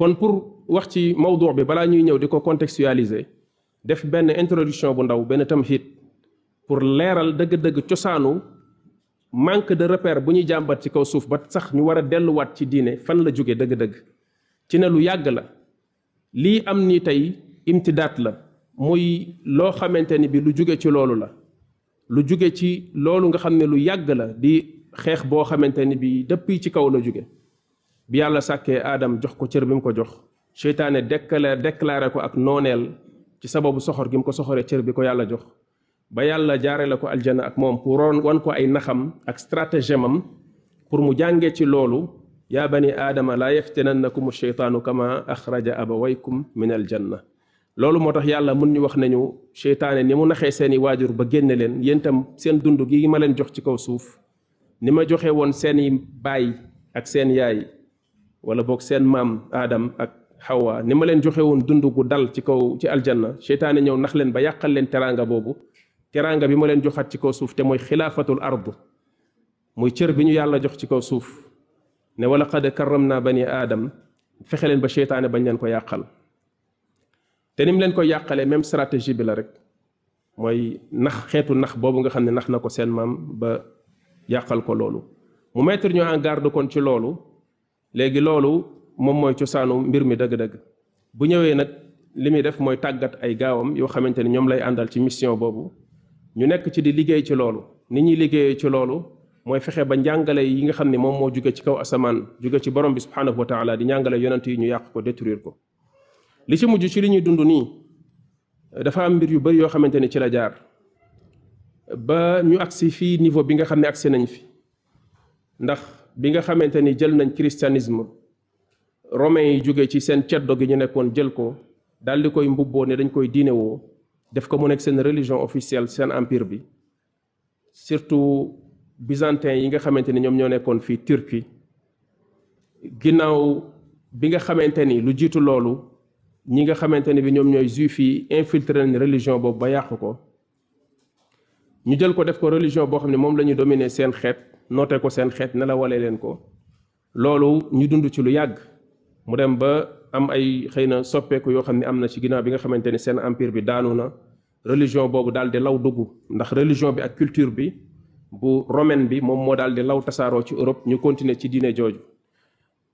kon pour wax ci mawdu bi balaa ñuy ñëw di ko contextualiser def benn introduction bu ndaw benn tamhid pour leeral dëgg-dëgg cosaanu manque de repère bu ñuy jàmbat ci kaw suuf ba sax ñu war a delluwaat ci diine fan la jóge dëgg-dëgg ci ne lu yàgg la lii am ni tey imtidaat la muy loo xamante ni bi lu jóge ci loolu la lu jóge ci loolu nga xam ne lu yàgg la di xeex boo xamante ni bi depuis ci kaw la jóge bi yàlla sàkkee aadam jox ko cër bi mu ko jox seytaane décla déclaré ko ak nooneel ci sababu soxor gi mu ko soxoree cër bi ko yàlla jox ba yàlla jaare la ko aljana ak moom pour wan ko ay naxam ak stratagème am pour mu jàngee ci loolu yaa bani aadama laa na yaftinannakum sheytaanu kama axraja abawaykum min aljanna loolu moo tax yàlla mun ñu wax nañu seytaane ni mu naxee seeni waajur ba génne leen yéen seen dund gi ma leen jox ci kaw suuf ni ma joxe woon seeni baay ak seen yaay wala boog seen maam Adam ak Hawa ni ma leen joxe woon dund gu dal ci kaw ci aljanna seytaane ñëw nax leen ba yàqal leen teraanga boobu teraanga bi ma leen joxaat ci kaw suuf te mooy xilaafatul ard muy cër bi ñu yàlla jox ci kaw suuf ne wala qad karam naa bani aadam fexe leen ba seytaane bañ leen ko yàqal te nim leen koy yàqalee même stratégie bi la rek mooy nax xeetu nax boobu nga xam ne nax na ko seen maam ba yàqal ko loolu mu mettre ñu loolu léegi loolu moom mooy cosaanu mbir mi dëgg-dëgg bu ñëwee nag li muy def mooy tàggat ay gaawam yoo xamante ni ñoom lay àndal ci mission boobu ñu nekk ci di liggéey ci loolu ni ñuy liggéeyee ci loolu mooy fexe ba njàngale yi nga xam ne moom moo jóge ci kaw asamaan jóge ci borom bi subhanahu wa di njàngale yonent yi ñu yàq ko détruire ko li ci mujj ci li ñuy dund nii dafa am mbir yu bari yoo xamante ni ci la jaar ba ñu agsi fii niveau bi nga xam ne agsi nañ fi ndax bi nga xamante ni jël nañ christianisme romain yi jóge ci seen ceddo gi ñu nekkoon jël ko daal di koy mbubboo ne dañ koy diinewoo def ko mu nekk seen religion officielle seen empire bi surtout byzantin yi nga xamante ni ñoom ñoo nekkoon fii Turquie ginnaaw bi nga xamante ni lu jiitu loolu ñi nga xamante ni bi ñoom ñooy juif yi infiltré nañ religion boobu ba yàq ko ñu jël ko def ko religion boo xam ne moom la ñu dominer seen xeet noote ko seen xeet ne la walee leen ko loolu ñu dund ci lu yàgg mu dem ba am ay xëy na soppeeku yoo xam ne am na ci ginnaaw bi nga xamante ni seen empire bi daanu na religion boobu daal di law dugg ndax religion bi ak culture bi bu romaine bi moom moo daal di law tasaaroo ci Europe ñu continuer ci diine jooju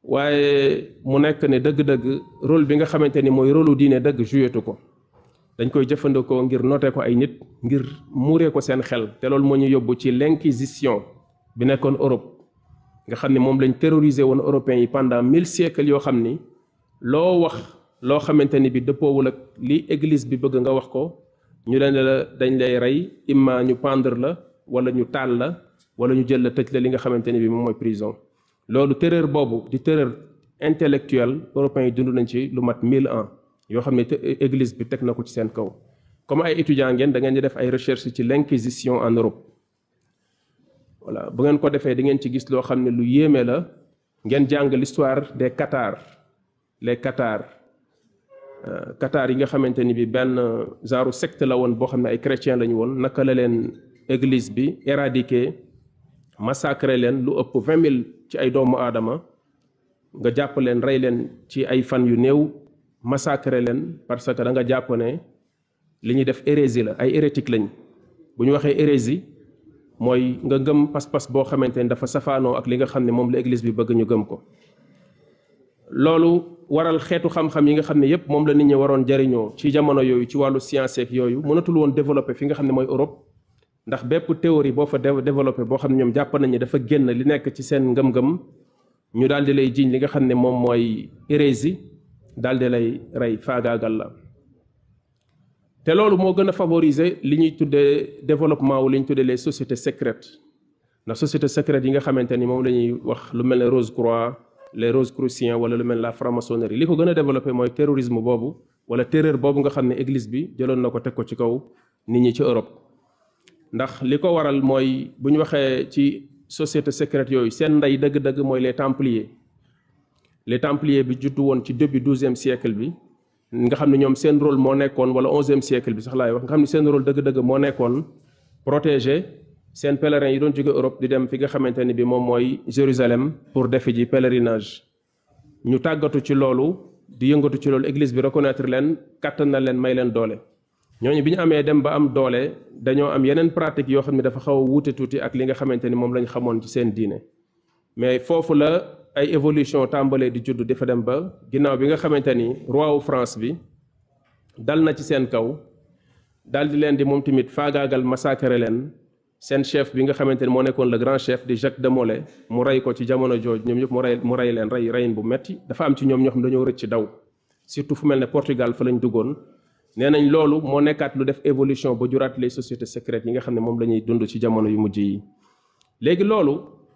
waaye mu nekk ne dëgg-dëgg rôle bi nga xamante ni mooy rôlu diine dëgg jouetu ko dañ koy jëfandikoo ngir noté ko ay nit ngir muuree ko seen xel te loolu moo ñu yóbbu ci l'inquisition bi nekkoon Europe nga xam ne moom lañ terrorisé woon européens yi pendant mille siècles yoo xam ni loo wax loo xamante ni bi dëppoowul ak li église bi bëgg nga wax ko ñu leen la dañ lay rey imma ñu pendre la wala ñu taal la wala ñu jël la tëj la li nga xamante ni bi moom mooy prison loolu terreur boobu di terreur intellectuelle européens yi dund nañ ci lu mat mille ans yoo xam ne église bi teg na ko ci seen kaw comme ay étudiants ngeen da ngeen di def ay recherche ci l'inquisition en Europe voilà bu ngeen ko defee di ngeen ci gis loo xam ne lu yéeme la ngeen jàng l'histoire des Qatar les Qatar euh, Qatar yi nga xamante ni bi benn genre secte la woon boo xam ne ay chrétien lañu woon naka la leen église bi éradiqué massacré leen lu ëpp vingt mille ci ay doomu aadama nga jàpp leen rey leen ci ay fan yu néew massacré leen parce que da nga jàpp ne li ñuy def hérésie la ay hérétique lañ bu ñu waxee hérésie mooy nga gëm pas-pas boo xamante ni dafa safaanoo ak li nga xam ne moom la église bi bëgg ñu gëm ko loolu waral xeetu xam-xam yi nga xam ne yépp moom la nit ñi waroon jariñoo ci jamono yooyu ci wàllu science ak yooyu mënatul woon développé fi nga xam ne mooy Europe ndax bépp théorie boo fa développé boo xam ne ñoom jàpp dafa génn li nekk ci seen ngëm-ngëm ñu daal di lay jiiñ li nga xam ne moom mooy hérésie daal di lay rey faagaagal la te loolu moo gën a favoriser li ñuy tuddee développement wu li ñu tuddee les société secrètes ndax sociétés secrètes yi nga xamante ni moom la wax lu mel ne Rose Croix les Rosicruciens wala lu mel la franc-maçonnerie li ko gën a développé mooy terrorisme boobu wala terreur boobu nga xam ne église bi jëloon na ko teg ko ci kaw nit ñi ci Europe. ndax li ko waral mooy bu ñu waxee ci société secrète yooyu seen ndey dëgg-dëgg mooy les templiers les templiers bi juddu woon ci début douzième siècle bi. nga xam ne ñoom seen rôle moo nekkoon wala onzième siècle bi sax laay wax nga xam ne seen rôle dëgg-dëgg moo nekkoon protéger seen pèlerins yi doon jóge Europe di dem fi nga xamante ne bi moom mooy Jérusalem pour defi ji pèlerinage ñu tàggatu ci loolu di yëngatu ci loolu église bi reconnaître leen kàttan na leen may leen doole ñooñu bi ñu amee dem ba am doole dañoo am yeneen pratique yoo xam ne dafa xaw a wuute tuuti ak li nga xamante ni moom lañ xamoon ci seen diine ay évolution tàmbalee di judd dafa dem ba ginnaaw bi nga xamante ni roi wu France bi dal na ci seen kaw dal di leen di moom tamit faagaagal massacré leen seen chef bi nga xamante ni moo nekkoon le grand chef di Jacques de Molay mu rey ko ci jamono jooju ñoom ñëpp mu rey mu rey leen rey reyin bu metti dafa am ci ñoom ñoo xam dañoo rëcc daw surtout fu mel ne Portugal fa lañ duggoon nee nañ loolu moo nekkaat lu def évolution ba juraat les sociétés secrètes yi nga xam ne moom la ñuy dund ci jamono yu mujj yi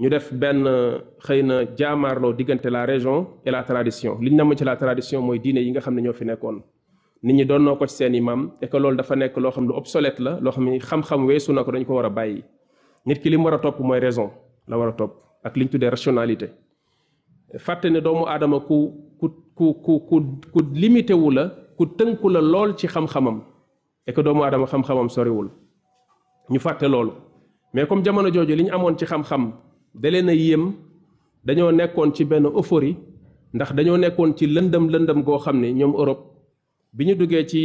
ñu def benn xëy na jaamaarloo diggante la région et la tradition li ñu namm ci la tradition mooy diine yi nga xam ne ñoo fi nekkoon nit ñi doon noo ko ci seen i maam et loolu dafa nekk loo xam ne obsolète la loo xam ne xam-xam weesu na ko dañu ko war a bàyyi nit ki li mu war a topp mooy raison la war a topp ak li ñu tuddee rationalité fàtte ne doomu aadama ku ku ku ku ku ku limité wu la ku tënku la lool ci xam-xamam et doomu aadama xam-xamam soriwul ñu fàtte loolu mais comme jamono jooju li ñu amoon ci xam-xam da leen yéem dañoo nekkoon ci benn euphorie ndax dañoo nekkoon ci lëndëm lëndëm goo xam ne ñoom orop bi ñu duggee ci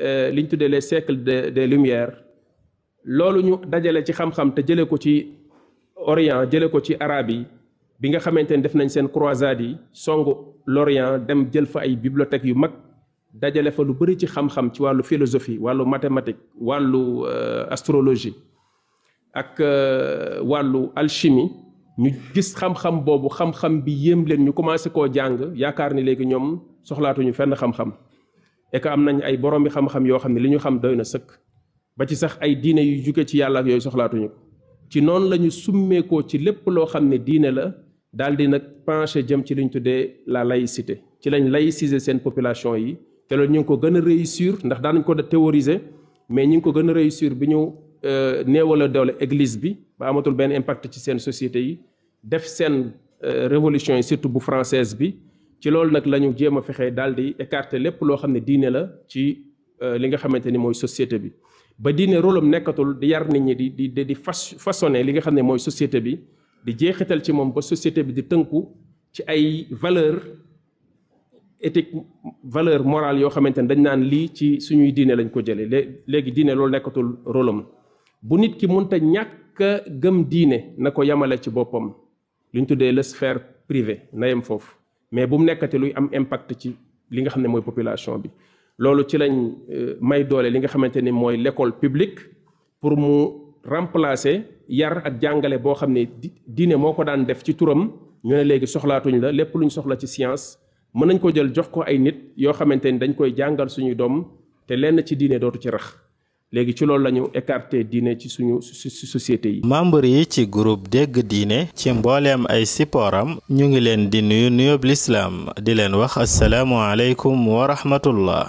euh, li ñu tuddee les siècles de des lumières loolu ñu dajale ci xam-xam te jëlee ko ci Orient jëlee ko ci arabe yi bi nga xamante ni def nañ seen croisade yi songu l'Orient dem jël fa ay bibliothèques yu mag dajale fa lu bëri ci xam-xam ci wàllu philosophie wàllu mathématique wàllu euh, astrologie ak euh, wàllu alchimie ñu gis xam-xam boobu xam-xam bi yéem leen ñu commencé koo jàng yaakaar ni léegi ñoom soxlaatuñu fenn xam-xam et am nañ ay boroomi xam-xam yoo xam ne li ñu xam doy na sëkk ba ci sax ay diine yu jóge ci yàlla ak yooyu soxlaatuñu ko ci noonu la ñu summeekoo ci lépp loo xam ne diine la daal di nag penché jëm ci li ñu tuddee la laïcité ci lañ laïciser seen population yi te loolu ñu ko gën a réussir ndax daan nañ ko théoriser mais ñu ko gën Euh, néewala doole église bi ba amatul benn impact ci seen société yi def seen euh, révolution yi surtout bu française bi ci loolu nag la ñu jéem a fexe daal di écarter lépp loo xam ne diine la ci euh, li nga xamante ni mooy société bi ba diine rôlam nekkatul di yar nit ñi di di di fas façonné li nga xam ne mooy société bi di jeexital ci moom ba société bi di tënku ci ay valeur éthique valeur morale yoo xamante ne dañ naan lii ci suñuy diine lañ ko jëlee léegi diine loolu nekkatul rôlam bu nit ki munta ñàkk gëm diine na ko yamale ci boppam lu ñu tuddee le sphère privée na yem foofu mais bu mu nekkati luy am impact ci li nga xam ne mooy population bi loolu ci lañ euh, may doole li nga xamante ni mooy lekkool publique pour mu remplacer yar ak jàngale boo xam ne diine moo ko daan def ci turam ñu ne léegi soxlaatuñ la lépp lu soxla ci science mën nañ ko jël jox ko ay nit yoo xamante ni dañ koy jàngal suñuy doom te lenn ci diine dootu ci rax léegi ci loolu la ñu écarté diine ci suñu société yi. membre yi ci groupe dégg diine ci mbooleem ay sippooram ñu ngi leen di nuyu nuyoob lislaam di leen wax asalaamualeykum wa rahmatullah.